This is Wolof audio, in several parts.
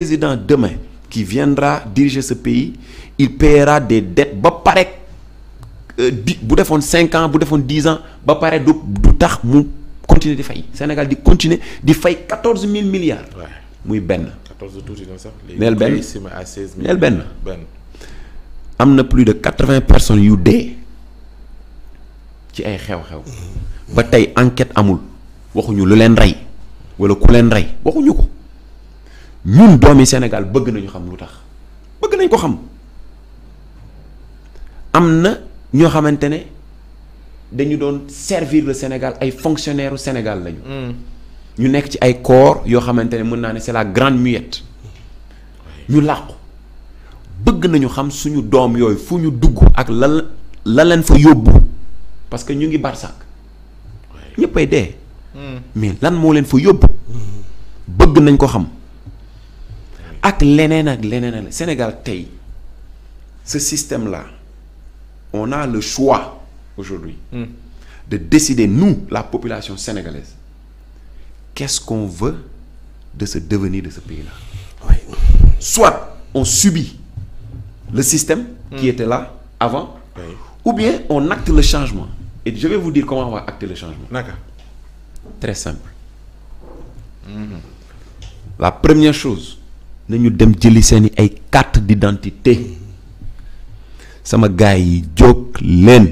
président demain qui viendra diriger ce pays il paiera des dettes ba pare euh, bu defoon cinq ans bu defoon dix ans ba pare du du tax mu continuer di fay Sénégal di continuer di fay quatorze mille milliards. muy benn. quatorze tuuti na sax. neel benn neel benn. am na plus de quatre-vingts personnes yu dee ci ay xew-xew. Mm-hmm. ba tey enquête amul waxuñu lu leen rey walla ku leen rey waxuñu ko. ñun doomi Sénégal bëgg nañu xam lu tax bëgg nañ ko xam am na ñoo xamante ne dañu doon servir le Sénégal ay fonctionnaires u Sénégal lañu. Mm. ñu nekk ci ay corps yoo xamante ne mën naa ne c'est la grande muette ñu làqu bëgg nañu xam suñu doom yooyu fu ñu dugg ak lan la leen fa yóbbu parce que ñu ngi barsak ñëpp ay dee. Mm. mais lan moo leen fa yóbbu. Mm. bëgg nañ ko xam. ak leneen ak leneen ak Sénégal tey ce système là on a le choix aujourd'hui hmm. de décider nous la population sénégalaise qu'est-ce qu'on veut de ce devenir de ce pays là. soit on subit le système. Mm. qui hmm. était là avant. Oui. ou bien on acte le changement. et je vais vous dire comment on va le changement. très simple. Hmm. la première chose. nañu dem jëli seeni ay carte d'identité sama gaay yi jóg leen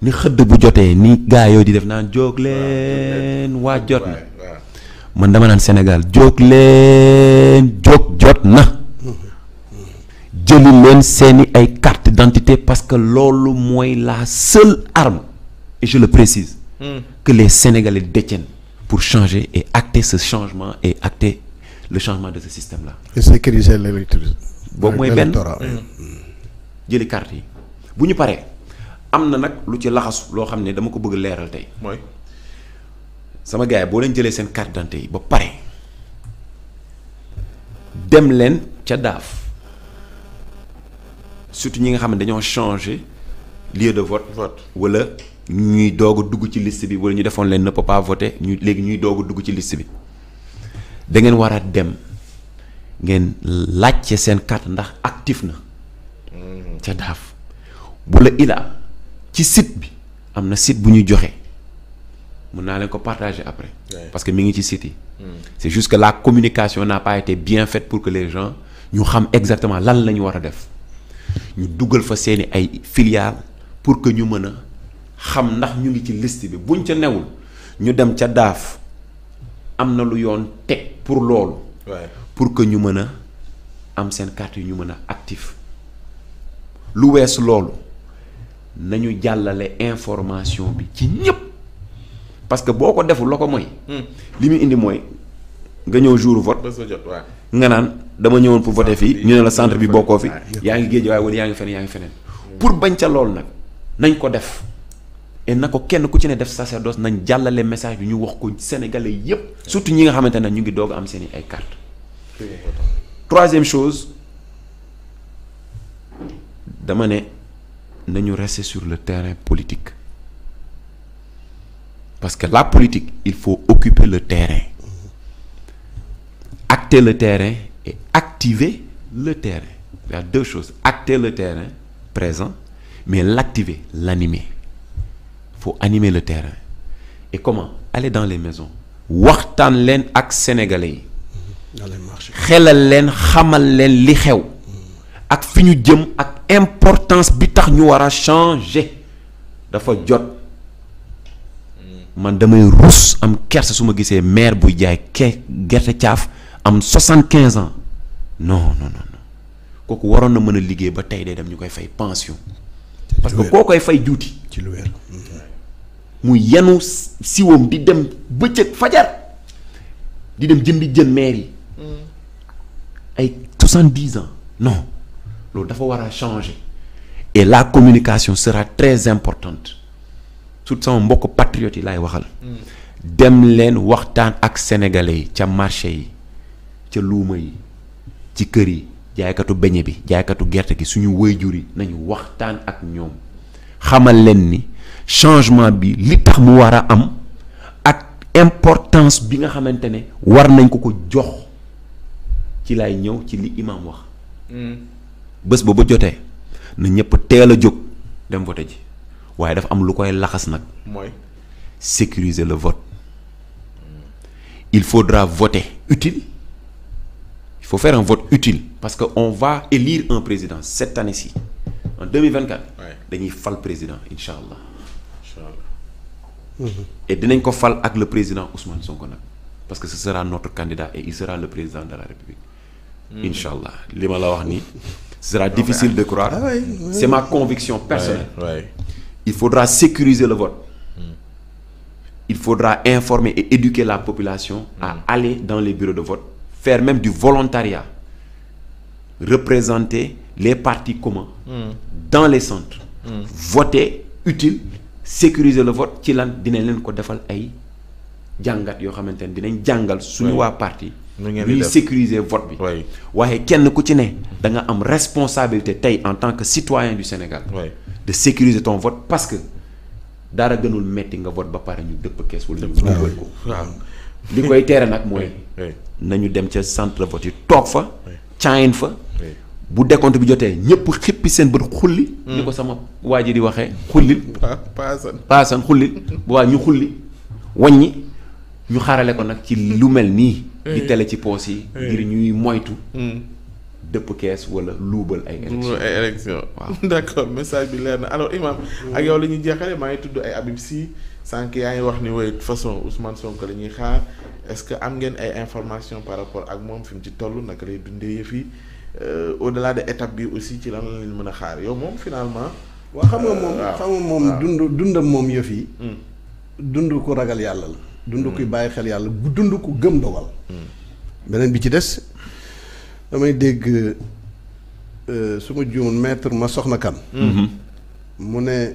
ni xëdd bu jotee ni gaay yooyu di def naan jóg leen waa jot na man dama naan Sénégal jóg leen jóg jot na jëli leen seeni ay carte d'identité parce que loolu mooy la seule arme et précise hmm. que les Sénégalais pour changer et acter ce changement et acter le changement de ce système-là. et sécuriser l'électorat. boobu mooy benn mm. Mm. jëli carte yi. bu ñu paree am na nag lu ci laxasu loo xam ne dama ko bëgg leeral tey. mooy sama gars boo leen jëlee seen carte dante yi ba pare dem leen ca daaf surtout ñi nga xam ne dañoo changer lieu de vote. vote wala. ñu ñuy doog dugg ci liste bi wala ñu defoon leen ne peut pas voter ñu léegi ñuy doog dugg ci liste bi da ngeen war a dem ngeen laajte seen carte ndax actif na ca daaf bu la ilaa ci site bi am na site bu ñu joxe mun naa leen ko partager après parce que mi ngi ci sit yi hmm. c'est juste la communication n'a pas été bien fait pour que les gens ñu xam exactement lan la ñu war a def ñu dugal fa seeni ay filiales pour que ñu mën a xam ndax ñu ngi ci list bi buñ ca newul ñu dem ca daaf am na lu yoon teg pour loolu. pour que ñu mën a am seen carte yu ñu mën a actif lu weesu loolu nañu jàllale information bi ci ñépp parce que boo ko deful la ko mooy. Hmm. li mu indi mooy nga ñëw jour vote. nga naan dama ñëwoon pour voter fii ñu ne la centre bi bokkoo fi. yaa ngi géej waaye wala yaa ngi feneen yaa ngi feneen. pour bañ ca loolu nag nañ ko def. na ko kenn ku ci ne def sacerdoce nañ jàllale message bi ñu wax ko sénégalais yépp surtout ñi nga xamante ne ñu ngi doog am seeni i ay carte chose dama ne nañu rester sur le terrain politique parce que la politique il faut occuper le terrain acter le terrain et activer le terrain il deux choses acter le terrain présent mais l'activer l'animer pour animer le terrain et comment aller dans les maisons waxtaan leen ak sénégalais yi xelal leen xamal leen li xew mm. ak fi ñu jëm ak importance bi tax ñu war a changer dafa jot man damay ruus am kersa su ma gisee maire buy jaay ke gerte caaf am soixante quinze ans non non non kooku waroon na mën a liggéey ba tey day dem ñu koy fay pension parce que koo koy fay juuti ci lu mu yanu siwam di dem bëccëg fajar di dem jëndi jën maire yi. Mm. ay soixante-dix ans non loolu dafa war a changer et la communication sera très importante surtout sama mbokk patriote yi laay waxal. Mm. dem leen waxtaan ak sénégalais yi ca marché yi ca luuma yi ci kër yi jaaykatu beñe bi jaaykatu gerte gi suñu wëyjur yi nañu waxtaan ak ñoom xamal leen ni. changement bi li tax mu war a am ak importance bi nga xamante ne war nañ ko ko jox ci lay ñëw ci li imam wax hmm. bés ba ba jotee na ñëpp teel a jóg dem vote ji waaye dafa am lu koy laxas nag mooy sécuriser le vote il faudra voter utile il faut faire un vote utile parce que on va élire un président cette année-ci en 2024 dañuy fal président incha allah Mm-hmm. et dinañ ko fal ak le président Ousmane Sonko nag parce que ce sera notre candidat et il sera le président de la République. Mm. incha allah li ma la wax nii. ce sera difficile ah, de croire. Ah c'est ma conviction personnelle. il faudra sécuriser le vote. Mm. il faudra informer et éduquer la population. à mm. aller dans les bureaux de vote. faire même du volontariat. représenter les partis communs. dans les centres. voter utile. sécuriser la vote ci lan dinañ leen ko defal ay jàngat yoo xamante ne dinañ jàngal suñu waa parti ñuy sécuriser vote bi waaye kenn ku ci ne da nga am responsabilité tey en tant que citoyen du Sénégal de sécuriser ton vote parce que dara gënul metti nga vote ba pare ñu dëpp kees wala ñu dugal ko li koy teere nag mooy nañu dem ca centre de vote yi toog fa caayin fa bu décompte bi jotee ñëpp xippi seen bët xulli. ni ko sama waa ji di waxee xullil. paasan paasan xullil bu waa ñu xulli waññi ñu xaarale ko nag ci lu mel nii. di eh. tele ci poos yi. Eh. ngir ñuy moytu. Hmm. dëpp kees wala luubal ay. élections ay élections message bi leer na alors Imaam. ak yow la ñuy jeexalee maa ngi tudd ay Habib Sy sànq yaa ngi wax ni way façon Ousmane Sonko la ñuy xaar est ce que am ngeen ay information par rapport ak moom fi mu ci toll naka lay dundee yëf yi Euh, au-delà de étape bi aussi ci lan la leen mën a xaar yow moom finalement. waaw xam nga moom euh, xam nga moom dund dundam moom yëf yi. Hmm. dund ku ragal yàlla la. dund kuy hmm. bàyyi xel yàlla bu dund ku gëm dogal. Hmm. beneen bi ci des damay dégg euh, su ma juumoon maître ma soxna kan. mu ne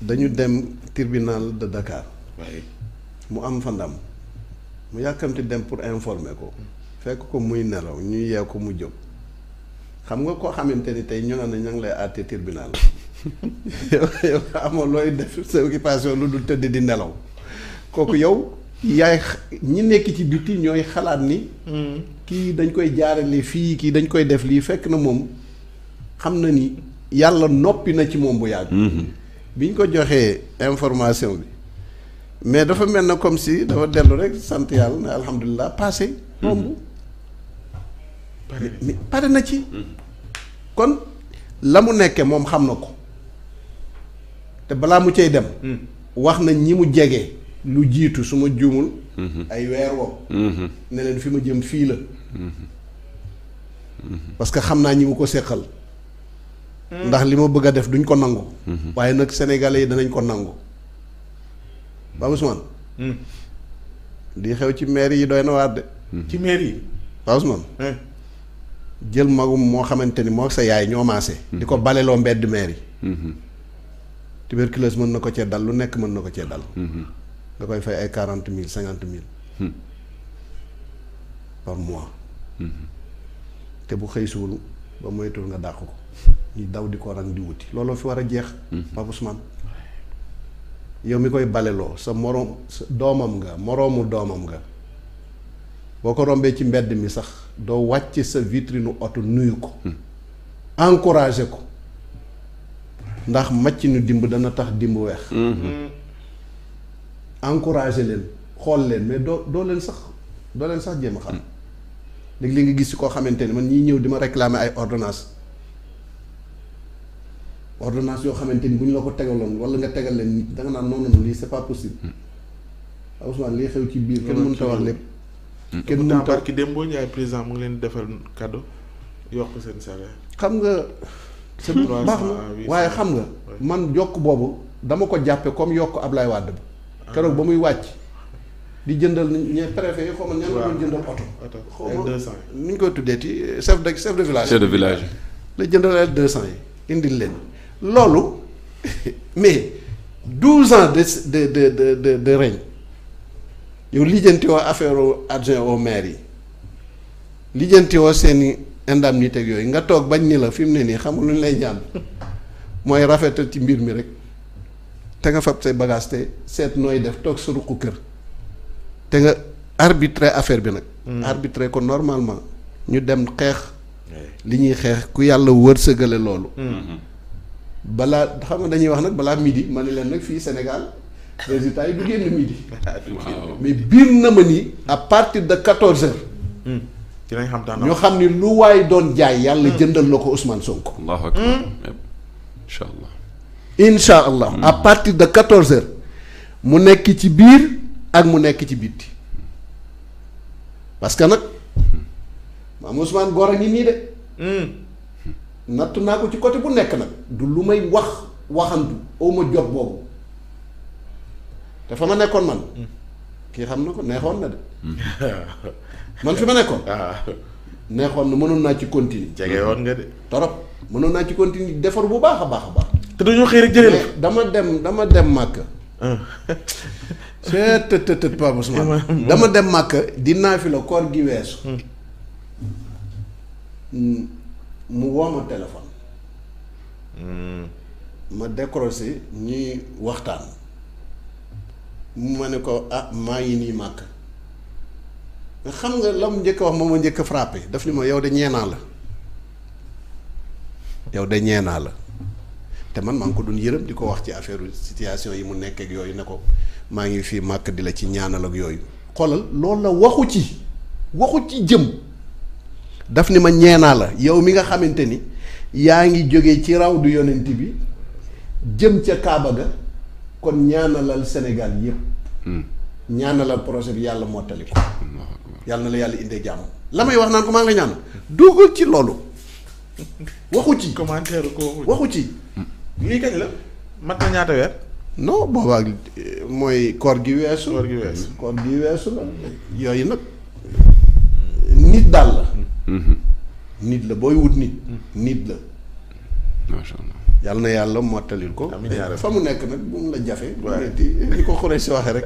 dañu dem tribunal de Dakar. mu am fa mu yàkkamti dem pour informer ko. fekk ko muy nelaw ñu yee ko mu jóg xam nga koo xamante ni tey ñu ne ña ngi lay àtte tribunal yow yow looy def sa occupation lu dul tëdd di nelaw kooku yow yaay ñi nekk ci biti ñooy xalaat ni. Hmm. kii dañ koy jaarale fii kii dañ koy def lii fekk na moom xam na ni yàlla noppi na ci moom bu yàgg. Hmm. biñ ko joxee information bi. mais dafa mel na comme si dafa dellu rek sant yàlla ne alhamdulilah passé. moom. Hmm. mais pare na ci kon la mu nekkee moom xam na ko te balaa mu cay dem wax na ñi mu jege lu jiitu su ma juumul ay weer wow ne leen fi ma jëm fii la parce que xam naa ñi mu ko séqal ndax li ma bëgg a def duñ ko nangu waaye nag sénégalais yi danañ ko nangu ba Ousmane hmm. li xew ci maire yi doy na waar de ci maire yi ba Ousmane hmm. jël magum moo xamante ni moo sa yaay ñoo maase. di ko baleloo mbedd meer yi. Mhm. tuberculose mën na ko cee dal lu nekk mën na ko cee dal. da mhm. koy fay ay quarante mille cinquante mille. Hmm. par mois. Mhm. te bu xëy suul ba moytuwul nga dàq ko ñu daw di ko rang di wuti looloo fi war a jeex. Hmm. Pape Ousmane yow mi koy baleloo sa morom sa doomam nga moroomu doomam nga. boo ko rombee ci mbedd mi sax doo wàcc sa vitrine oto nuyu ko encouragé ko ndax màcc nu dimb dana tax dimb weex encouragé leen xool leen mais doo doo leen sax doo leen sax jéem a xam léegi li nga gis ci koo xamante ni man ñiy ñëw di ma réclamer ay ordonnance ordonnance yoo xamante ni bu ñu la ko tegaloon wala nga tegal leen nit da nga naan noonu lii c'est pas possible Ousmane lii xew ci biir kenn mënut a wax lépp Mm. kenn mënut a ki Demba Ndiaye président mu ngi leen defal cadeau yokk seen salaire. xam nga. c'est baax na waaye xam nga. man jokk boobu dama ko jàppe comme yokk Ablaye Wade bi. Ah. keroog ba muy wàcc. di jëndal ñe préfet yi xaw ma ñan la doon jëndal oto. oto deux koy tuddee ci chef de chef de village. de village. la jëndal deux cent yi indil leen loolu mais douze ans de de de de de règne yow lijjanti woo affaire adjoint au maire yi lijjanti woo seen i indemnité yooyu nga toog bañ ni la fi mu ne nii xamul lu ñu lay ñaan mooy rafetal ci mbir mi rek te nga fab say bagage te seet nooy def toog sa ruqu kër te nga arbitrer affaire bi nag. Mm. arbitrer ko normalement ñu dem xeex. li ñuy xeex ku yàlla wërsëgale loolu. Mm-hmm. balaa xam nga dañuy wax nag balaa midi ma ne leen nag fii Sénégal. résultat yi du génn midi. mais biir na ma ni. à partir de 14h. dinañ xam daan ñu xam ni lu waaye doon jaay yàlla jëndal na ko Ousmane Sonko. allahu akbar incha allah. incha à partir de 14h mu nekk ci biir ak mu nekk ci bitti parce que nag maam Ousmane góor a ngi nii de. Hmm. nattu naa ko ci côté bu nekk nag du lu may wax waxandu aw ma jot boobu. te fa ma nekkoon man. kii xam na ko neexoon na de. man fi ma nekkoon. Ah. neexoon na mënoon naa ci continuer. jege woon nga de. torop mënoon naa ci continuer defar bu baax a baax a baax. te dañoo xëy rek jëlee dama dem dama dem màkk. c'est ah. të të të Pape dama dem màkk dinaa fi la koor gi weesu. Hmm. Hmm. mu woo ma téléphone. Hmm. ma décroché ñuy waxtaan. ma ne ko ah maa ngi nii màkk xam nga la mu njëkk wax moom ma njëkk frappé daf ni ma yow de ñeenaa la yow de ñeenaa la te man maa ngi ko doon yërëm di ko wax ci affaire situation yi mu nekkeek ak yooyu ne ko maa ngi fii màkk di la ci ñaanal ak yooyu xoolal loolu la waxu ci waxu ci jëm daf ni ma ñeenaa la yow mi nga xamante ni yaa ngi jóge ci raw du yonent bi jëm ca Kaaba ga kon ñaanalal Sénégal yëpp. Hmm. ñaanalal projet bi yàlla mottali ko. yàlla na la yàlla indee jàmm. la may wax naan ko maa ngi lay ñaan ci loolu. waxu ci commentaire waxu ci. Hmm. lii kañ mat na ñaata weer. non boobaa eh, mooy koor gi weesu. koor gi weesu hmm. koor gi weesu la yooyu nag nit daal la. nit la booy wut nit. nit la. yàlla na yàlla mottalil ko. fa mu nekk nag bu mu la jafe. waaw li ko xuree si waxee rek.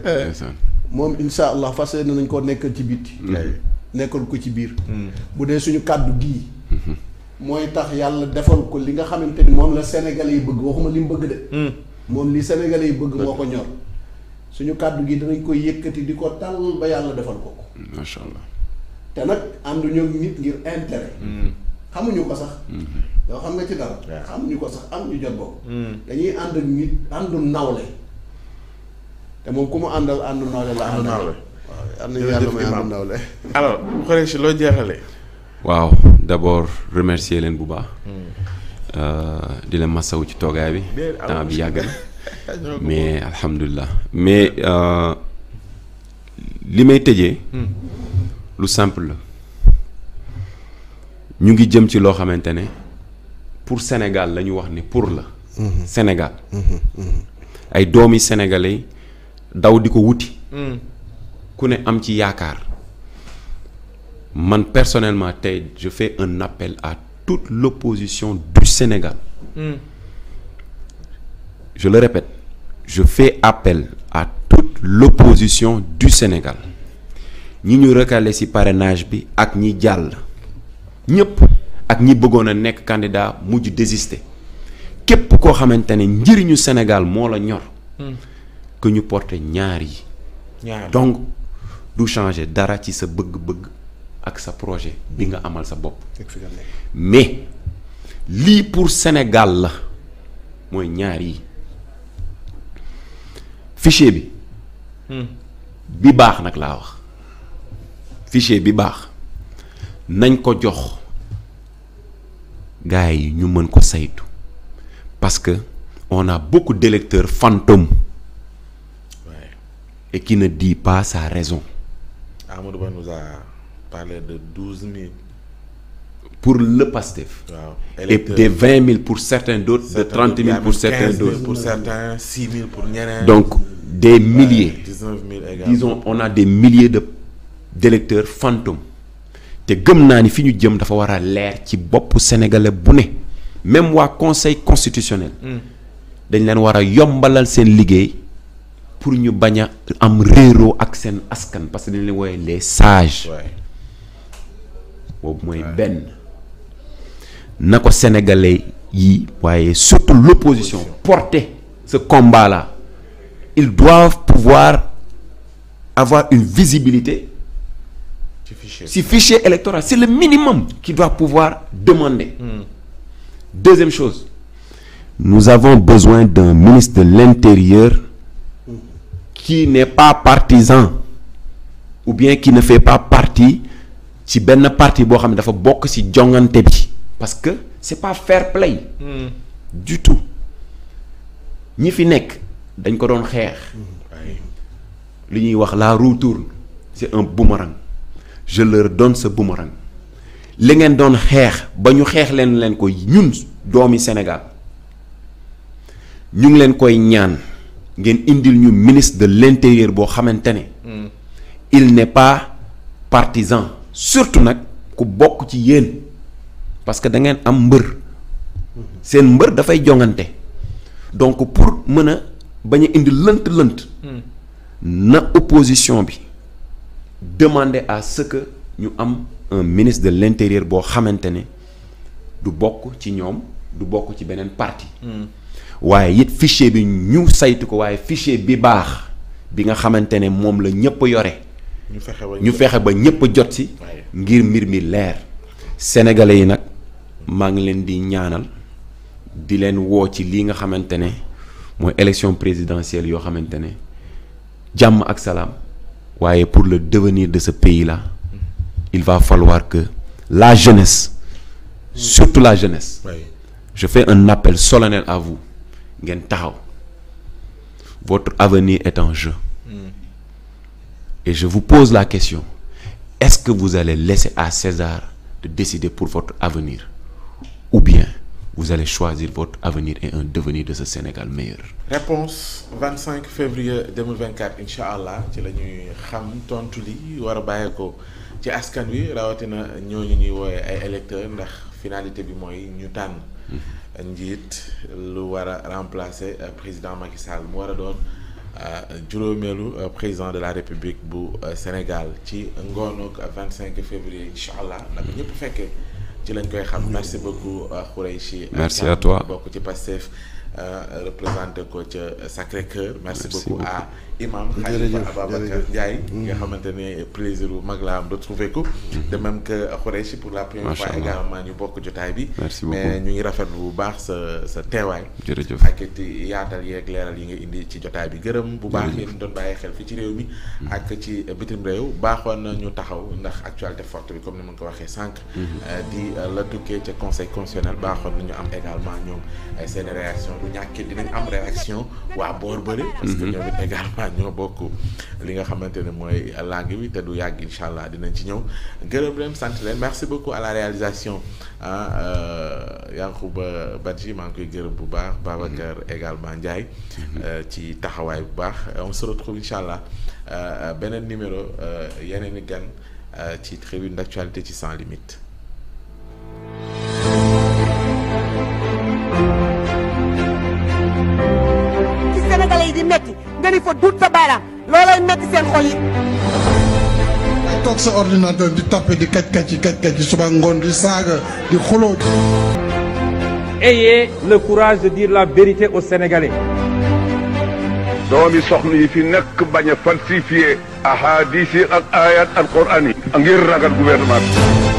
moom insha allah fas yéene nañ koo nekkal ci biti. nekkal ko ci biir. Hmm. bu dee suñu kàddu gii. Hmm. mooy tax yàlla defal ko li nga xamante ni moom la sénégalais yi bëgg waxuma li mu bëgg de. Hmm. moom li sénégalais yi bëgg moo ko ñor. suñu kàddu gi danañ koy yëkkati di ko tal ba yàlla defal ko ko. macha allah. te nag ànduñu nit ngir intérêt. xamuñu ko sax. yow xam nga ci dara. am ñu ko sax am ñu jot mm. dañuy ànd ak nawle. te moom ku mu àndal àndu nawle la. àndu nawle waaw am nañu si loo jeexale waaw d' abord leen bu baax. Mm. Euh, di leen masawu ci toogaay bi. temps bi yàgg na mais alhamdulilah mais euh, li may tëjee. Mm. lu simple la. ñu ngi jëm ci loo xamante ne. pour Sénégal lañu wax ni pour la. Mhm. Sénégal. Mhm. Mhm. ay doomi sénégalais daw di ko wuti. Mm. ku ne am ci yaakaar man personnellement tey je fais un appel à toute l'opposition du Sénégal. Mm. je le répète je fais appel à toute l'opposition du Sénégal ñi ñu recalé ci parrainage bi ak ñi jàll ñépp. ak ñi bëggoon a nekk candidat mujj désisté képp koo xamante ne njëriñu Sénégal moo la ñor. Hmm. que ñu porte ñaar yi. dong du changer dara ci sa bëgg-bëgg ak sa projet bi nga amal sa bopp. mais lii pour Sénégal la mooy ñaar yi fichier bi. Hmm. bi baax nag laa wax fichier bi baax nañ ko jox. gars yi ñu mën ko saytu parce que on a beaucoup d'électeurs fantômes ouais. et qui ne dit pas sa raison. Amadou de douze mille. pour le PASTEF. waaw et des vingt mille pour certains d'autres. de trente mille pour certains d'autres. pour certains donc des milliers. dix mille également disons on a des milliers de d'électeurs fantômes. te gëm naa ni fi ñu jëm dafa war a leer ci bopp sénégalais bu ne même waa conseil constitutionnel. Hmm. dañ leen war a yombalal seen liggéey pour ñu bañ a am réeroo ak seen askan parce que dañ leen wooye les sages. boobu mooy benn na ko sénégalais yi waaye surtout l'opposition porter ce combat là ils doivent pouvoir avoir une visibilité. fichier si fichier électoral c'est le minimum qu'il doit pouvoir demander. Mm. deuxième chose nous avons besoin d'un ministre de l'intérieur qui ne pas partisan ou bien qui ne fait pas parti ci benn parti boo xam ne dafa bokk ci jongante bi parce que c'est pas fair play hmm. du tout ñi fi nekk dañ ko doon xeex hmm. li ñuy wax la roue tourne c'est un boomerang je don donne ce boomerang li ngeen doon xeex ba ñu xeex leen leen ko ñun doomi Sénégal ñu ngi leen koy ñaan ngeen indil ñu ministre de l'intérieur boo xamante ne hmm. il n'est pas partisan surtout nag ku bokk ci yéen parce que da ngeen am mbër seen mbër dafay jongante donc pour mën a bañ a indi lënt-lënt hmm. na opposition bi demande à ce ñu am un ministre de l'intérieur boo xamante ne du bokk ci ñoom du bokk ci beneen partie hmm. waaye it fichier bi ñu saytu ko waaye fichier bi baax bi nga xamante ne moom la ñëpp yore ñu fexe ba ñëpp jot si ngir mbir mi leer sénégalais yi nag maa ngi leen di ñaanal di leen woo ci lii nga xamante ne mooy élection présidentielle yoo xamante ne jàmm ak salaam waaye pour le devenir de ce pays là il va falloir que la jeunesse surtout la jeunesse je fais un appel solennel à vous ngeen taxaw votre avenir est en jeu hmm. et je vous pose la question est-ce que vous allez laisser à César de décider pour votre avenir ou bien vous allez choisir votre avenir et un devenir de ce Sénégal meilleur. réponse 25 février 2024 incha allah ci la ñuy xam tontu li war a bàyyi ko ci askan wi rawatina ñoo ñooñu ñuy woowee ay électeurs ndax finalité bi mooy ñu tànn. Mhm. njiit lu war a remplacer euh, président Macky mu war a doon euh, juróomeelu euh, président de la République bu Sénégal ci ngoonu 25 février incha allah naka ñëpp fekkee. ci lañ koy xam merci beaucoup euh, Khoureychi si à toi bokk ci Pastef euh, représenté ko ca Sacré Cœur merci beaucoup à imam Khalifa Ababacar Ndiaye nga mhm. xamante ne plaisir bu mag laa am de trouver ko mhm. de même que Khoureychi pour la première fois également ñu bokk jotaay bi mais ñu ngi rafetlu bu baax sa sa teewaay jërëjëf ak it yaatal yeeg leeral yi nga indi ci jotaay bi gërëm bu baax yéen doon bàyyi xel fi ci réew mi mhm. ak ci bitim réew baaxoon na ñu taxaw ndax actualité forte bi comme ni ma ko waxee sànq euh, di euh, la tukkee ca conseil constitutionnel baaxoon na ñu am également ñoom seen réaction bu ñàkkee dinañ am réaction waa boor bëri voilà ñoo bokk li nga xamante ne mooy langue bi te du yàgg incha allah dinañ ci ñëw gërëm leen sant leen merci beaucoup à la réalisation ah euh, Yankouba Badji maa ngi koy gërëm bu baax Babacar mm-hmm. également Ndiaye mm-hmm. euh, ci taxawaay bu baax on se retrouve incha allah euh, beneen numéro yeneen i gan ci tribune d'actualité ci sans limite nga ni fa duut fa baaraam loolay metti seen xol yi. ay ngoon saaga di xuloo. ayez le la vérité aux Sénégalais. doomi soxna yi fi nekk bañ a falsifié ahadis ak ak ayat alquran yi. ngir ragal gouvernement bi.